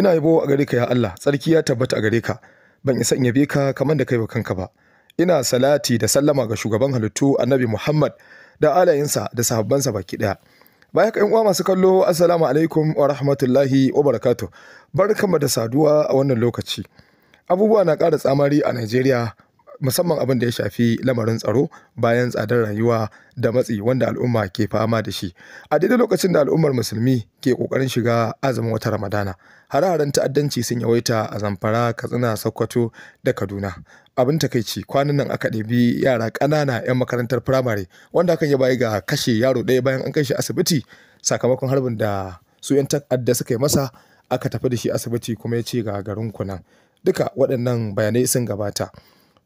ina yabo a gare ka ya Allah tsarki ya tabbata a gare ka ban isa in yabe ka kamar da kai ba kanka ba ina salati da sallama ga shugaban halittu annabi Muhammad da alayinsa da sahabbansa baki daya baya ka uwa masu kallo assalamu alaikum wa rahmatullahi wa barakatuh barkamu da saduwa a wannan lokaci abubuwa na ƙara tsamari a Najeriya musamman abin da ya shafi lamarin tsaro bayan tsadar rayuwa da matsi wanda al'umma ke fama da shi a daidai lokacin da al'ummar musulmi ke kokarin shiga azumin wata ramadana hare ta'addanci sun yawaita a zamfara katsina sokoto da kaduna abin takaici kwanan nan aka ɗebi yara ƙanana 'yan makarantar firamare wanda hakan ya bayi ga kashe yaro ɗaya bayan an kai shi asibiti sakamakon harbin da su 'yan ta'adda suka yi masa aka tafi da shi asibiti kuma ya ce ga garin kunan duka waɗannan bayanai sun gabata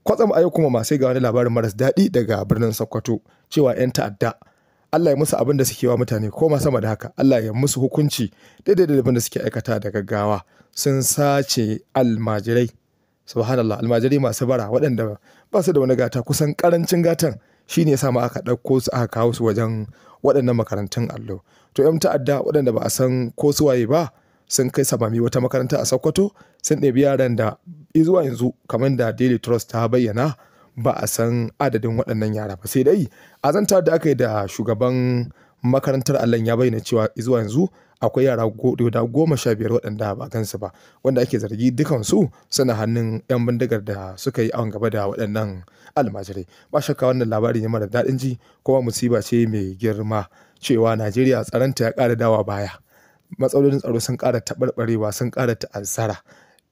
kwatsam a yau kuma ma sai ga wani labarin maras daɗi daga birnin sokoto cewa 'yan ta'adda Allah ya musu abin da suke wa mutane ko ma sama da haka Allah ya musu hukunci daidai da abin da suke aikata da gaggawa sun sace almajirai subhanallah almajirai masu bara waɗanda ba su da wani gata kusan karancin gatan shine sa ma aka ɗauko su aka kawo su wajen waɗannan makarantun allo to yan ta'adda waɗanda ba a san ko su waye ba sun kai samami wata makaranta a sokoto sun ɗabi yaran da zuwa yanzu kamar da daily trust ta bayyana ba a san adadin waɗannan yara ba sai dai a zanta da aka yi da shugaban makarantar allon ya bayyana cewa zuwa yanzu akwai yara guda goma sha biyar waɗanda ba gansu ba wanda ake zargi su suna hannun 'yan bindigar da suka yi awon gaba da waɗannan almajirai ba shakka wannan labari ne mara daɗin ji kuma musiba ce mai girma cewa najeriya tsaranta ya ƙara dawa baya matsalolin tsaro sun ƙara taɓarɓarewa sun ƙara ta'azzara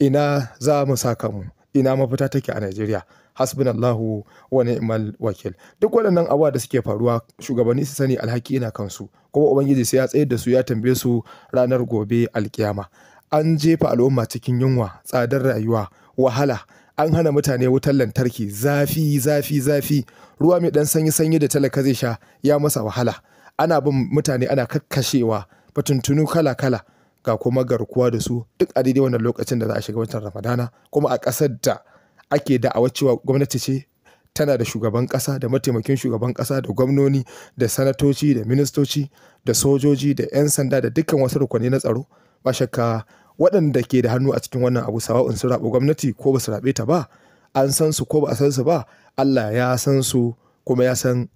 ina za mu saka mu ina mafita take a Najeriya hasbunallahu wa ni'mal wakil duk waɗannan abubuwa da suke faruwa shugabanni su sani alhaki ina kansu kuma ubangiji sai ya tsayar da su ya tambaye su ranar gobe alkiyama an jefa al'umma cikin yunwa tsadar rayuwa wahala an hana mutane wutar lantarki zafi zafi zafi ruwa mai ɗan sanyi sanyi da talaka zai sha ya masa wahala ana bin mutane ana kakkashewa batuntunu kala-kala ga kuma garkuwa da su duk a daidai wannan lokacin da za a shiga watan ramadana kuma a ƙasar da ake da'awa cewa gwamnati ce tana da shugaban ƙasa da mataimakin shugaban ƙasa da gwamnoni da sanatoci da ministoci da sojoji da 'yan sanda da dukkan wasu rukuni na tsaro ba shakka waɗanda ke da hannu a cikin wannan abu in su raɓe gwamnati ko ba su raɓe ta ba an san su ko ba a san su ba allah ya san su kuma ya san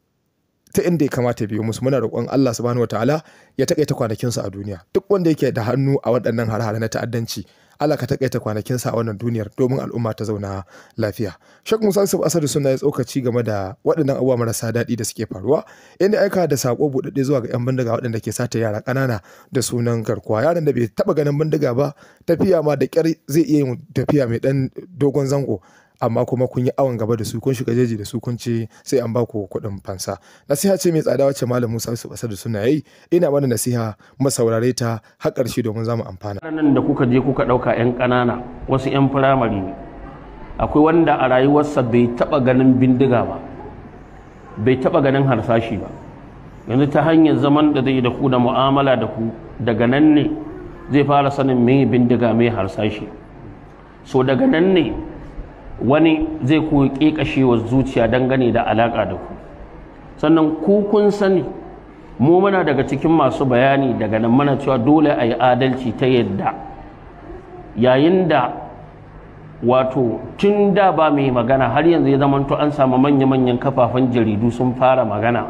ta inda ya kamata ya biyo musu muna roƙon Allah subhanahu wataala ya takaita kwanakinsa a duniya duk wanda yake da hannu a waɗannan harhara na ta'addanci Allah ka takaita kwanakinsa a wannan duniyar domin al'umma ta zauna lafiya. Shek Musa Yusuf Asadu suna ya tsokaci game da waɗannan abubuwa marasa daɗi da suke faruwa, inda aika da sako buɗaɗɗe zuwa ga 'yan bindiga waɗanda ke sata yara ƙanana da sunan garkuwa. Yaran da bai taɓa ganin bindiga ba, tafiya ma da ƙyar zai iya yin tafiya mai ɗan dogon zango amma kuma kun yi awon gaba da su kun shiga jeji da su kun ce sai an ba ku kuɗin fansa nasiha ce mai tsada wacce malam Musa basa da suna yi ina mana nasiha mu ta har ƙarshe domin zamu amfana nan da kuka je kuka ɗauka 'yan ƙanana wasu 'yan firamare ne akwai wanda a rayuwarsa bai taɓa ganin bindiga ba bai taɓa ganin harsashi ba yanzu ta hanyar zaman da zai da ku da mu'amala da ku daga nan ne zai fara sanin me bindiga mai harsashi so daga nan ne wani zai koyi ƙeƙashewar zuciya dangane da alaƙa da ku sannan ku kun sani mu muna daga cikin masu bayani daga nan mana cewa dole a yi adalci ta yadda yayin da wato tun da ba mai magana har yanzu ya zamanto an samu manya-manyan kafafen jaridu sun fara magana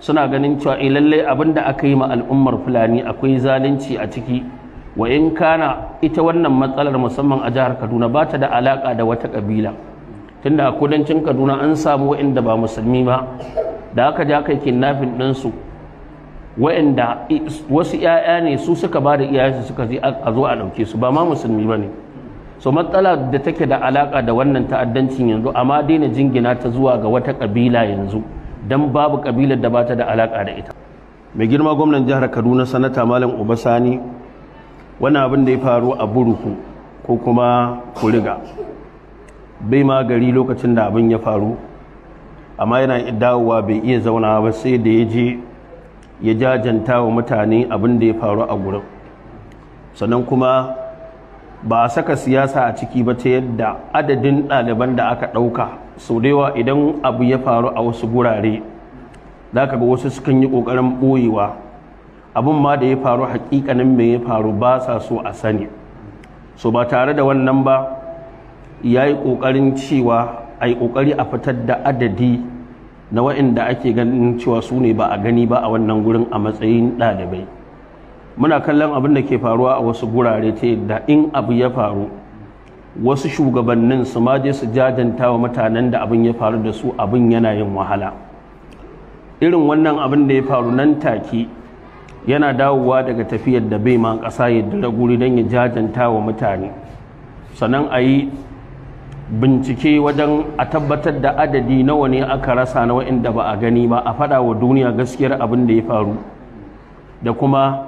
suna ganin cewa eh, lallai abin da aka yi ma al'ummar fulani akwai zalunci a ciki wa in kana ita wannan matsalar musamman a jihar kaduna ba ta da alaƙa da wata ƙabila tunda a kudancin kaduna an samu waɗanda ba musulmi ba da aka ja kai kinnafin ɗinsu waɗanda wasu 'ya'ya ne su suka ba da iyayensu suka je a zo a ɗauke su ba ma musulmi ba ne so matsala da take da alaƙa da wannan ta'addancin yanzu amma daina jingina ta zuwa ga wata ƙabila yanzu don babu ƙabilar da ba ta da alaƙa da ita mai girma gwamnan jihar kaduna sanata malam sani. wani abin da ya faru a buruku ko kuma kuriga bai ma gari lokacin da abin ya faru amma yana dawowa bai iya zauna ba sai da ya je ya jajanta wa mutane abin da ya faru a gurin sannan kuma ba a saka siyasa a ciki ba ta yadda adadin ɗaliban da aka ɗauka sau da yawa idan abu ya faru a wasu gurare za ka ga wasu sukan yi ƙoƙarin ɓoyewa abun ma da ya faru hakikanin me ya faru ba sa so a sani so ba tare da wannan ba ya yi ƙoƙarin cewa a yi ƙoƙari a fitar da adadi na waɗanda ake ganin cewa su ne ba a gani ba a wannan gurin a matsayin ɗalibai muna kallon abin da ke faruwa a wasu gurare ta yadda in abu ya faru wasu shugabannin su ma je su jajanta wa mutanen da abin ya faru da su abin yana yin wahala irin wannan abin da ya faru nan take yana dawowa daga tafiyar da bai ma ƙasa ya dala guri don ya jajanta wa mutane sannan a yi bincike wajen a tabbatar da adadi nawa ne aka rasa na wa'inda ba a gani ba a faɗa wa duniya gaskiyar abin da ya faru da kuma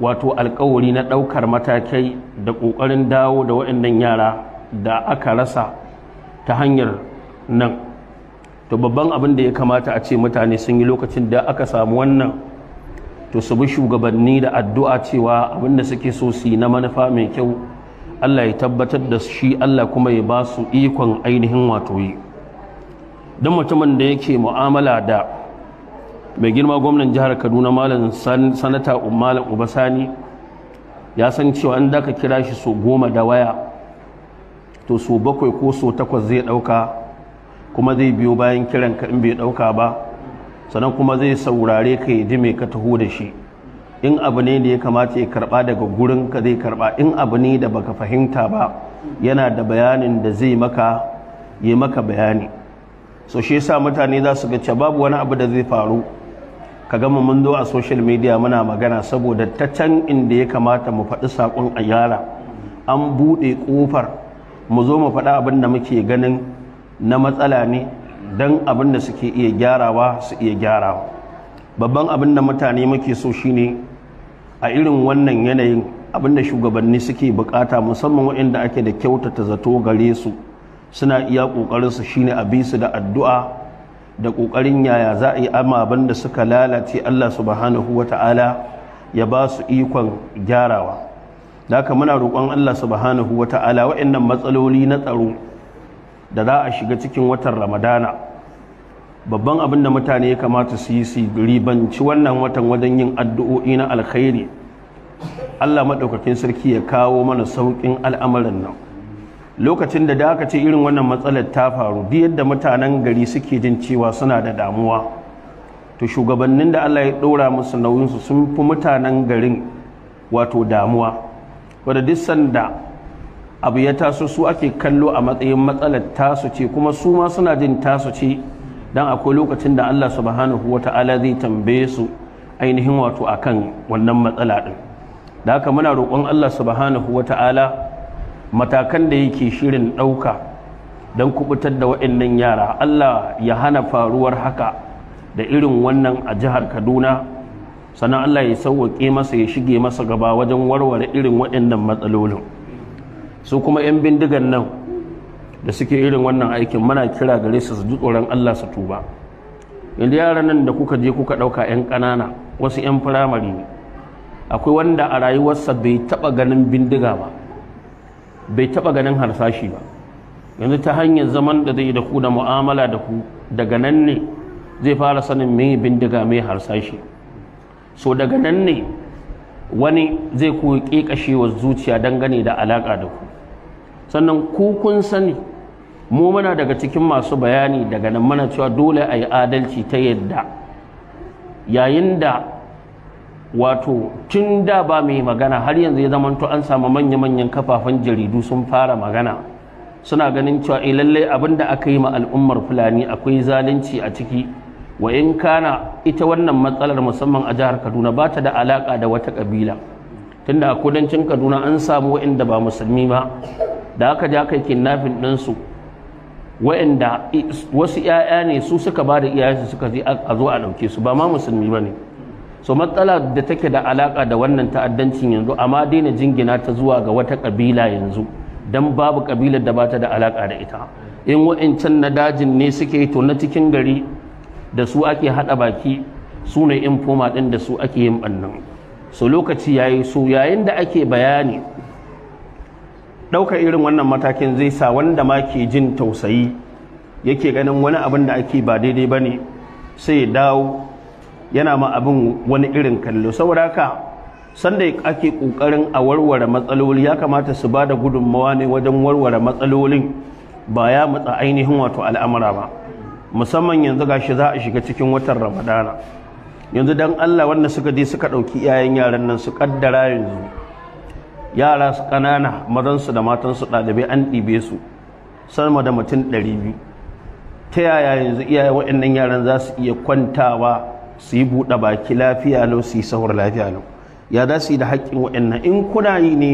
wato alkawari na ɗaukar matakai da ƙoƙarin dawo da wa'annan yara da aka rasa ta hanyar nan to babban abin da ya kamata a ce mutane sun yi lokacin da aka samu wannan to su bi shugabanni da addu'a cewa abinda suke so su yi na manufa mai kyau Allah ya tabbatar da shi Allah kuma ya ba su ikon ainihin wato yi don mutumin da yake mu'amala da mai girma gwamnan jihar kaduna malam sanata malam ubasani ya san cewa an daka kira shi so goma da waya to so bakwai ko so takwas zai ɗauka kuma zai biyo bayan kiran ka in bai ɗauka ba sannan kuma zai saurare ka ya ji ka taho da shi in abu ne da ya kamata ya karba daga gurin ka zai karba in abu ne da baka fahimta ba yana da bayanin da zai maka yi maka bayani so shi yasa mutane za su ga babu wani abu da zai faru ka gama mun zo a social media muna magana saboda ta can inda ya kamata mu faɗi saƙon a yara an buɗe ƙofar mu zo mu faɗa abin da muke ganin na matsala ne don abin da suke iya gyarawa su iya gyarawa babban abin da mutane muke so shine a irin wannan yanayin abin da shugabanni suke bukata musamman waɗanda ake da kyautata zato gare su suna iya ƙoƙarin su shine a bisu da addu'a da ƙoƙarin yaya za a yi abin da suka lalace Allah subhanahu wata'ala ya ba su ikon gyarawa da haka muna roƙon Allah subhanahu wata'ala waɗannan matsaloli na tsaro da za a shiga cikin watan ramadana babban abin da mutane ya kamata su yi su ribanci wannan watan wajen yin addu'o'i na alkhairi allah maɗaukakin sarki ya kawo mana sauƙin al'amarin nan lokacin da da aka ce irin wannan matsalar ta faru duk yadda mutanen gari suke jin cewa suna da damuwa to shugabannin da allah ya ɗora musu nauyinsu sun fi mutanen garin wato damuwa wadda duk sanda abu ya taso su ake kallo a matsayin matsalar tasu ce kuma su ma suna jin tasu ce dan akwai lokacin da Allah subhanahu ta'ala zai tambaye su ainihin wato a kan wannan matsala din da haka muna roƙon Allah subhanahu ta'ala matakan da yake shirin ɗauka don kubutar da waɗannan yara Allah ya hana faruwar haka da irin wannan a jihar Kaduna sannan Allah ya sauwaƙe masa ya shige masa gaba wajen warware irin waɗannan matsalolin su kuma 'yan bindigan nan da suke irin wannan aikin mana kira gare su su tsoron Allah su tuba inda yaran nan da kuka je kuka ɗauka 'yan ƙanana wasu 'yan firamare ne akwai wanda a rayuwarsa bai taɓa ganin bindiga ba bai taɓa ganin harsashi ba yanzu ta hanyar zaman da zai da ku da mu'amala da ku daga nan ne zai fara sanin mai bindiga mai harsashi so daga nan ne wani zai ku kekashewa zuciya dangane da alaka da ku sannan ku kun sani mu muna daga cikin masu bayani daga nan mana cewa dole a yi adalci ta yadda yayin da wato tun da ba mai magana har yanzu ya zama zamanto an samu manya-manyan kafafen jaridu sun fara magana suna ganin cewa eh, lallai abin da aka yi ma al'ummar fulani akwai zalunci a ciki wa kana ita wannan matsalar musamman a jihar kaduna ba ta da alaƙa da wata ƙabila tunda a kudancin kaduna an samu wa'inda ba musulmi ba da aka ja kai kinnafin ɗinsu wa'inda wasu 'ya'ya ne su suka ba da iyayensu suka je a zo a ɗauke su ba ma musulmi ba ne so matsala da take da alaka da wannan ta'addancin yanzu amma daina jingina ta zuwa ga wata ƙabila yanzu don babu ƙabilar da ba ta da alaƙa da ita in wa'incan na dajin ne suke to na cikin gari da su ake haɗa baki su ne infoma ɗin da su ake yin ɓannan so lokaci yayi so yayin da ake bayani ɗaukar irin wannan matakin zai sa wanda ma ke jin tausayi yake ganin wani abin da ake ba daidai ba ne sai ya dawo yana ma abin wani irin kallo saboda haka sanda ake ƙoƙarin a warware matsaloli ya kamata su ba da gudunmawa ne wajen warware matsalolin ba ya matsa ainihin wato al'amura ba musamman yanzu gashi za a shiga cikin watan ramadana yanzu dan Allah wanda suka je suka ɗauki iyayen yaran nan su kaddara yanzu yara su ƙanana mazansu da matansu ɗalibai an ɗibe su sama da mutum ɗari biyu ta yaya yanzu iyaye waɗannan yaran za su iya kwantawa su yi buɗe baki lafiya lau su yi sahur lafiya lau ya za su yi da haƙƙin waɗannan in kuna yi ne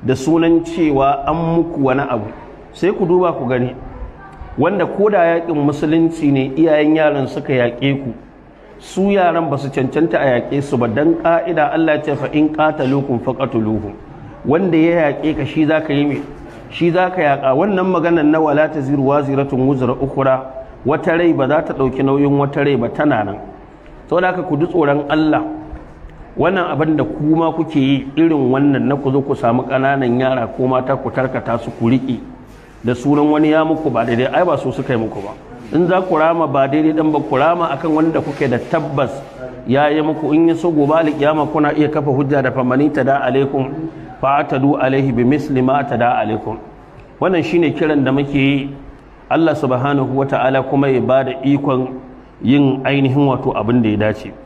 da sunan cewa an muku wani abu sai ku duba ku gani wanda ko da yaƙin musulunci ne iyayen yaran suka yaƙe ku su yaran ba su cancanta a yaƙe su ba don ƙa'ida Allah ya ce fa in qataluukum faqatuluhum wanda ya yaƙe ka shi za ka yi mai shi za ka yaƙa wannan maganar na wala ta ziru ziratun wuzura ukura wata rai ba za ta ɗauki nauyin wata rai ba tana nan saboda ka ku ji tsoron Allah wannan abin da kuma kuke yi irin wannan na ku zo ku samu ƙananan yara ko mata ku tarkata su ku riƙe da sunan wani ya muku ba daidai ai ba su suka yi muku ba in za ku rama ba daidai dan ba ku rama akan wanda kuke da tabbas ya yi muku in ya so gobe alƙiyama kuna iya kafa hujja da famani ta da alaikum fa atadu alaihi bi misli ma ta da alaikum wannan shine kiran da muke yi Allah subhanahu wata'ala kuma ya bada ikon yin ainihin wato abin da ya dace